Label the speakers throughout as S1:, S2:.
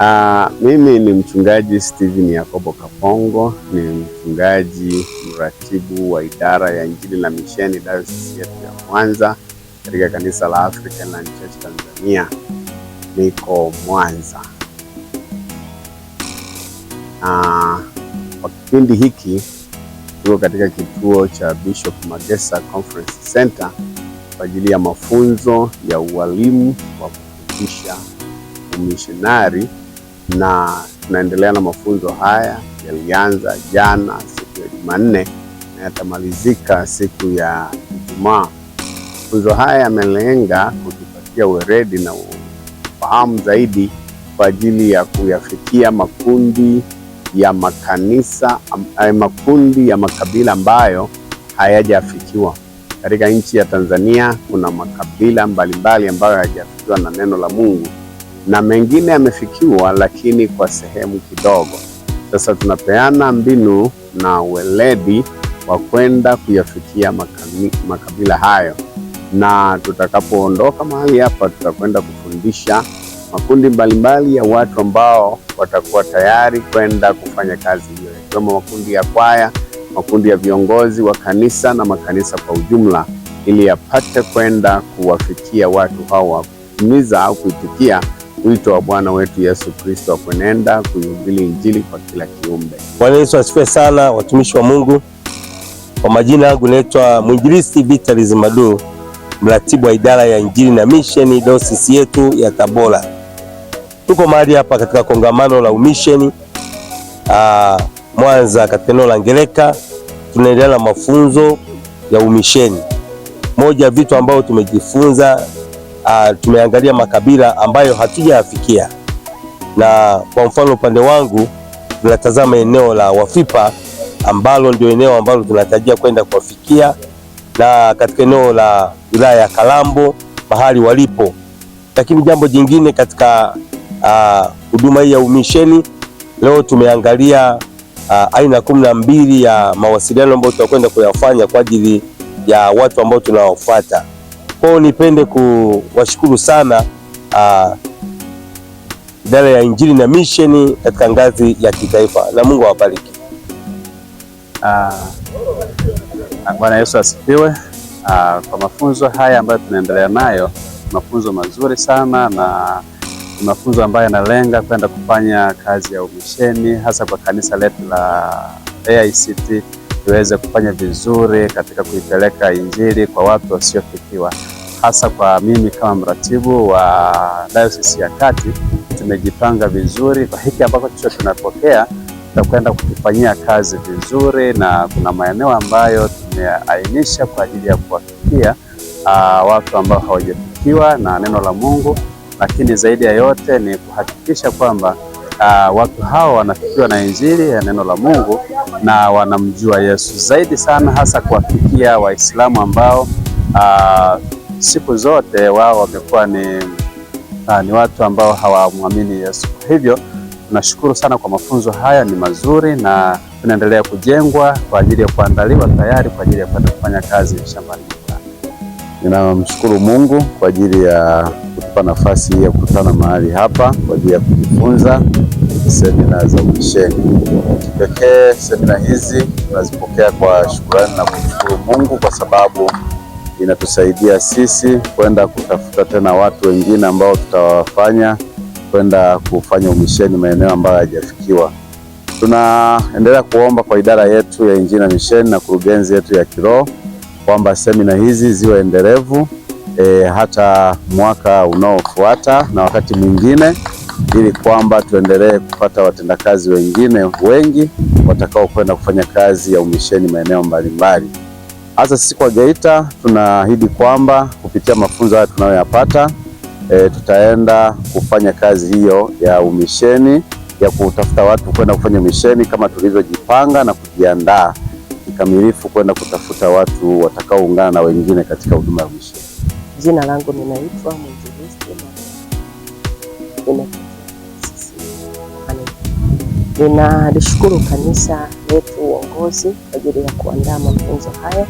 S1: Uh, mimi ni mchungaji Steven Yakobo Kapongo, ni mchungaji mratibu wa idara ya Injili na Misheni Dayosisi yetu ya Mwanza katika kanisa la African Land Church Tanzania. Niko Mwanza na uh, kwa kipindi hiki tuko katika kituo cha Bishop Magesa Conference Center kwa ajili ya mafunzo ya ualimu wa kufundisha umishinari na tunaendelea na mafunzo haya. Yalianza jana siku ya Jumanne na yatamalizika siku ya Ijumaa. Mafunzo haya yamelenga kutupatia weredi na ufahamu zaidi kwa ajili ya kuyafikia makundi ya makanisa ay, eh, makundi ya makabila ambayo hayajafikiwa katika nchi ya Tanzania. Kuna makabila mbalimbali mbali ambayo hayajafikiwa na neno la Mungu na mengine yamefikiwa, lakini kwa sehemu kidogo. Sasa tunapeana mbinu na weledi wa kwenda kuyafikia makabila hayo, na tutakapoondoka mahali hapa, tutakwenda kufundisha makundi mbalimbali ya watu ambao watakuwa tayari kwenda kufanya kazi hiyo, ikiwemo makundi ya kwaya, makundi ya viongozi wa kanisa na makanisa kwa ujumla, ili yapate kwenda kuwafikia watu hao, kutumiza au kuitikia wito wa Bwana wetu Yesu Kristo wa kuenenda kuihubiri Injili kwa kila kiumbe. Bwana Yesu asifiwe sana, watumishi wa Mungu. Kwa majina yangu naitwa Mwinjilisti Vitalis Madu, mratibu wa idara ya Injili na misheni dosisi yetu ya Tabora. Tuko mahali hapa katika kongamano la umisheni aa, ah, Mwanza katika eneo la Ngereka, tunaendelea na mafunzo ya umisheni. Moja ya vitu ambavyo tumejifunza uh, tumeangalia makabila ambayo hatujayafikia, na kwa mfano upande wangu tunatazama eneo la Wafipa ambalo ndio eneo ambalo tunatarajia kwenda kuwafikia, na katika eneo la wilaya ya Kalambo mahali walipo. Lakini jambo jingine katika ah, huduma uh, hii ya umisheni leo tumeangalia uh, aina kumi na mbili ya mawasiliano ambayo tutakwenda kuyafanya kwa ajili ya watu ambao tunawafuata. Kwa hiyo nipende kuwashukuru sana uh, idara ya Injili na misheni katika ngazi ya kitaifa na Mungu awabariki. Uh,
S2: Bwana Yesu asifiwe. Uh, kwa mafunzo haya ambayo tunaendelea nayo, mafunzo mazuri sana na mafunzo ambayo yanalenga kwenda kufanya kazi ya umisheni hasa kwa kanisa letu la AICT tuweze kufanya vizuri katika kuipeleka Injili kwa watu wasiofikiwa, hasa kwa mimi kama mratibu wa Dayosisi ya Kati. Tumejipanga vizuri kwa hiki ambacho cho tunapokea, tutakwenda kukifanyia kazi vizuri, na kuna maeneo ambayo tumeainisha kwa ajili ya kuwafikia uh, watu ambao hawajafikiwa na neno la Mungu, lakini zaidi ya yote ni kuhakikisha kwamba uh, watu hao wanafikiwa na Injili ya neno la Mungu na wanamjua Yesu zaidi sana, hasa kuwafikia Waislamu ambao uh, siku zote wao wamekuwa ni, uh, ni watu ambao hawamwamini Yesu. Kwa hivyo tunashukuru sana kwa mafunzo haya, ni mazuri na tunaendelea kujengwa kwa ajili ya kuandaliwa tayari kwa ajili ya kwenda kufanya kazi shambani.
S3: Ninamshukuru Mungu kwa ajili ya kutupa nafasi hii ya kukutana mahali hapa kwa ajili ya kujifunza semina za umisheni. Kipekee semina hizi tunazipokea kwa shukrani na kumshukuru Mungu kwa sababu inatusaidia sisi kwenda kutafuta tena watu wengine ambao tutawafanya kwenda kufanya umisheni maeneo ambayo hayajafikiwa. Tunaendelea kuomba kwa idara yetu ya Injili na Misheni na kurugenzi yetu ya kiroho kwamba semina hizi ziwe endelevu e, hata mwaka unaofuata na wakati mwingine, ili kwamba tuendelee kupata watendakazi wengine wengi watakao kwenda kufanya kazi ya umisheni maeneo mbalimbali. Hasa sisi kwa Geita tunaahidi kwamba kupitia mafunzo haya tunayoyapata e, tutaenda kufanya kazi hiyo ya umisheni ya kutafuta watu kwenda kufanya umisheni kama tulivyojipanga na kujiandaa kikamilifu kwenda kutafuta watu watakaoungana na wengine katika huduma ya umisheni.
S4: Jina langu ninaitwa Mwinjilisti, ninalishukuru kanisa letu uongozi kwa ajili ya kuandaa mafunzo haya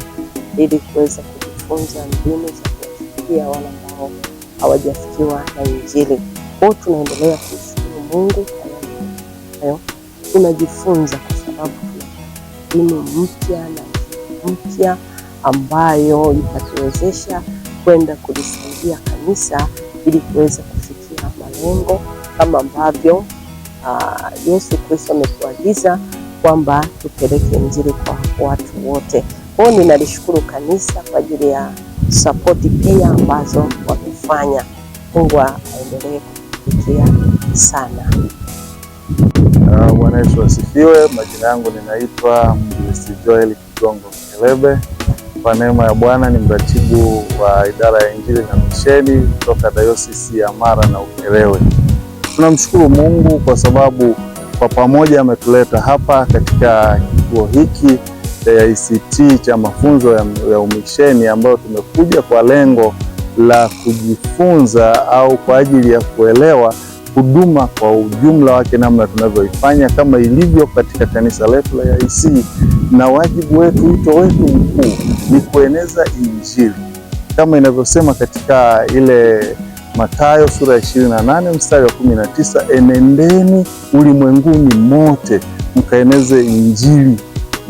S4: ili kuweza kujifunza mbinu za kuwafikia wale ambao hawajafikiwa na Injili. Kwao tunaendelea kumshukuru Mungu hayo tunajifunza, kwa sababu tuna mbinu mpya na mpya ambayo itatuwezesha kwenda kulisaidia kanisa ili kuweza kufikia malengo kama ambavyo uh, Yesu Kristo ametuagiza kwamba tupeleke injili kwa watu wote. Kwa ninalishukuru kanisa kwa ajili ya sapoti pia ambazo wamefanya. Mungu aendelee kutufikia sana.
S5: Ah, Bwana Yesu asifiwe. Majina yangu ninaitwa mjisi Joel Kigongo kelebe kwa neema ya Bwana ni mratibu wa idara ya Injili na misheni kutoka Dayosisi ya Mara na Ukerewe. Tunamshukuru Mungu kwa sababu kwa pamoja ametuleta hapa katika kituo hiki cha ICT cha mafunzo ya umisheni ambayo tumekuja kwa lengo la kujifunza au kwa ajili ya kuelewa huduma kwa ujumla wake, namna tunavyoifanya kama ilivyo katika kanisa letu la IC na wajibu wetu, wito wetu mkuu ni kueneza Injili kama inavyosema katika ile Mathayo sura ya 28 mstari wa 19, enendeni ulimwenguni mote mkaeneze Injili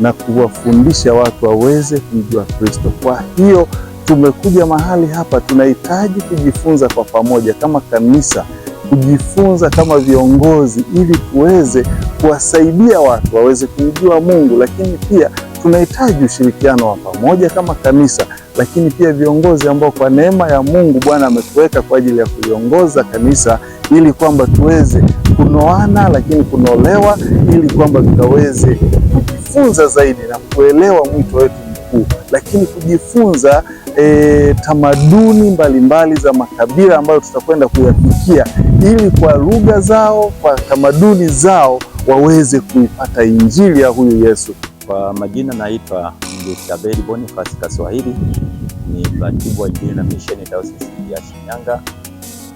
S5: na kuwafundisha watu waweze kumjua Kristo. Kwa hiyo tumekuja mahali hapa, tunahitaji kujifunza kwa pamoja kama kanisa kujifunza kama viongozi ili tuweze kuwasaidia watu waweze kumjua Mungu, lakini pia tunahitaji ushirikiano wa pamoja kama kanisa, lakini pia viongozi ambao kwa neema ya Mungu Bwana ametuweka kwa ajili ya kuliongoza kanisa ili kwamba tuweze kunoana, lakini kunolewa, ili kwamba tutaweze kujifunza zaidi na kuelewa mwito wetu mkuu, lakini kujifunza e, tamaduni mbalimbali za makabila ambayo tutakwenda kuyafikia ili kwa lugha zao, kwa tamaduni zao waweze kuipata injili ya huyu Yesu.
S6: Kwa majina naitwa Mjukabeli Bonifasi Kaswahili, ni mratibu wa Injili na Misheni Dayosisi ya Shinyanga.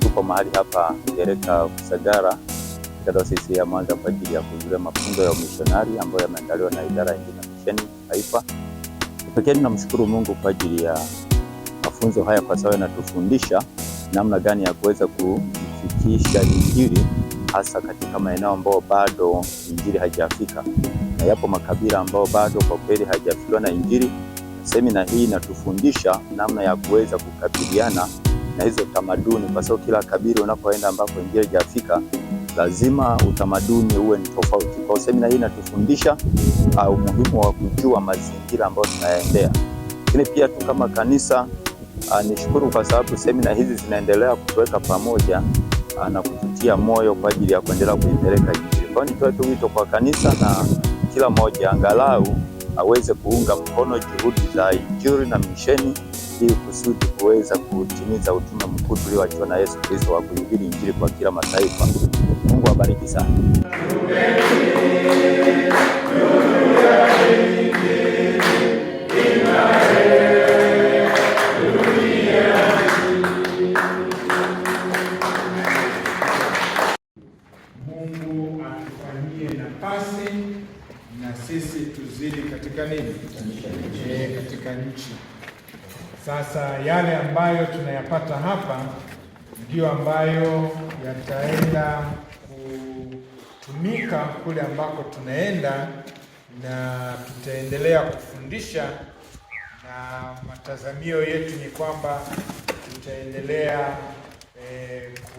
S6: Tuko mahali hapa Gereka Kusagara katika Dayosisi ya Mwanza kwa ajili ya kuzuria mafunzo ya umishonari ambayo yameandaliwa na Idara ya Injili na Misheni Taifa. Pekee tunamshukuru Mungu kwa ajili ya mafunzo haya kwa yanatufundisha namna gani ya kuweza kufikisha Injili hasa katika maeneo ambayo bado Injili haijafika, na yapo makabila ambayo bado kwa kweli hajafikiwa na Injili. Semina hii inatufundisha namna ya kuweza kukabiliana na hizo tamaduni, kwa sababu kila kabila unapoenda ambapo Injili haijafika lazima utamaduni uwe ni tofauti. Kwa semina hii inatufundisha uh, umuhimu wa kujua mazingira ambayo tunayaendea, lakini pia tu kama kanisa Ah, nishukuru kwa sababu semina hizi zinaendelea kutuweka pamoja ah, na kututia moyo kwa ajili ya kuendelea kuipeleka Injili. Kwa hiyo nitoe tu wito kwa kanisa na kila mmoja angalau aweze kuunga mkono juhudi za Injili na misheni ili kusudi kuweza kutimiza utume mkuu tulioachiwa na Yesu Kristo wa kuhubiri Injili kwa kila mataifa. Mungu abariki sana.
S7: Mungu atufanyie nafasi na sisi tuzidi katika nini,
S8: e, katika nchi.
S7: Sasa yale ambayo tunayapata hapa ndiyo ambayo yataenda kutumika kule ambako tunaenda, na tutaendelea kufundisha, na matazamio yetu ni kwamba tutaendelea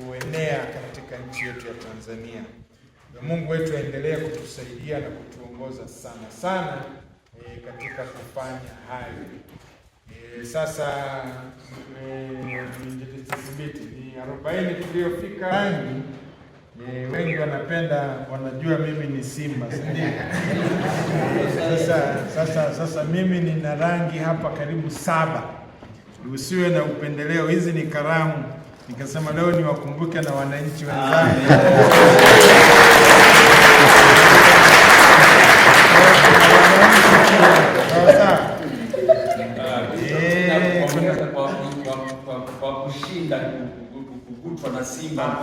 S7: kuenea katika nchi yetu ya Tanzania. Na Mungu wetu aendelee kutusaidia na kutuongoza sana sana e, katika kufanya hayo. E, sasa e, nijitithibiti ni arobaini tuliyofika rangi e, wengi wanapenda wanajua mimi ni Simba si ndio? Sasa, sasa, sasa mimi nina rangi hapa karibu saba. Usiwe na upendeleo, hizi ni karamu nikasema leo niwakumbuke na wananchi wenzangu
S8: kwa kushinda kugutwa na Simba